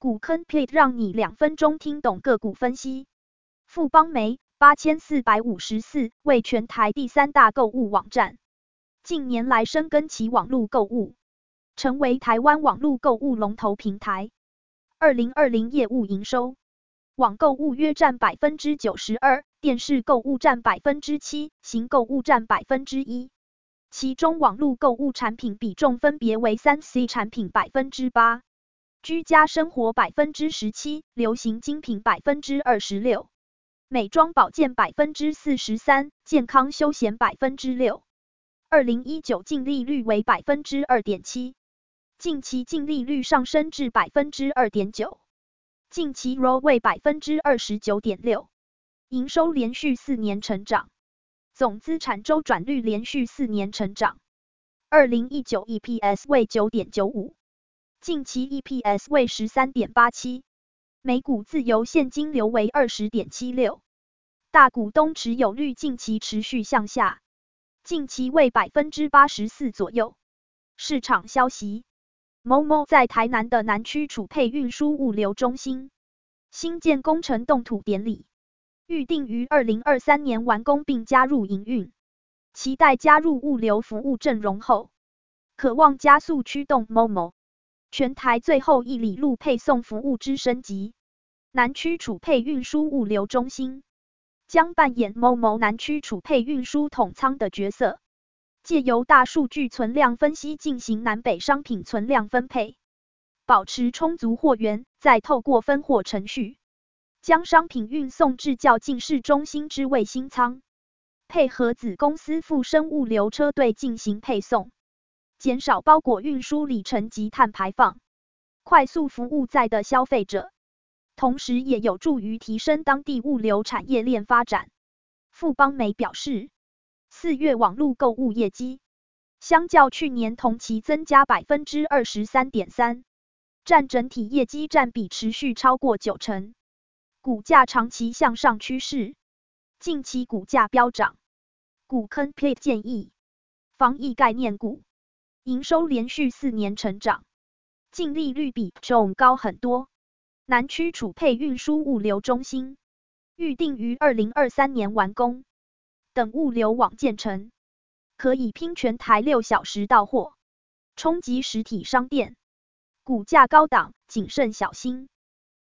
股坑 Pit 讓你兩分鐘聽懂個股分析。富邦媒八千四百五十四為全台第三大購物網站，近年來深耕其網絡購物，成為台灣網絡購物龍頭平台。二零二零業務營收，網購物約佔百分之九十二，電視購物佔百分之七，行購物佔百分之一。其中網絡購物產品比重分別為三 C 產品百分之八，居家生活百分之十七，流行精品百分之二十六，美妝保健百分之四十三，健康休閒百分之六。二零一九淨利率為百分之二點七，近期淨利率上升至百分之二點九，近期 ROE 為百分之二十九點六，營收連續四年成長，總資產週轉率連續四年成長。二零一九 EPS 為九點九五。近期 EPS 為十三點八七，每股自由現金流為二十點七六，大股東持有率近期持續向下，近期為百分之八十四左右。市場消息，momo 在台南的南區儲配運輸物流中心新建工程動土典禮，預定於二零二三年完工並加入營運，期待加入物流服務陣容後，可望加速驅動 momo。全台最後一里路配送服務之升級，南區儲配運輸物流中心將扮演某某南區儲配運輸統倉的角色，借由大數據存量分析進行南北商品存量分配，保持充足貨源，再透過分貨程序，將商品運送至較近市中心之衛星倉，配合子公司富昇物流車隊進行配送。減少包裹運輸里程及碳排放，快速服務在的消費者，同時也有助於提升當地物流產業鏈發展。富邦媒表示，四月網絡購物業績相較去年同期增加百分之二十三點三，占整體業績占比持續超過九成。股價長期向上趨勢，近期股價飆漲。股坑 e 建議，防疫概念股。營收連續四年成長，淨利率比重高很多。南區儲配運輸物流中心預定於二零二三年完工，等物流網建成，可以拼全台六小時到貨，衝擊實體商店。股價高檔，謹慎小心。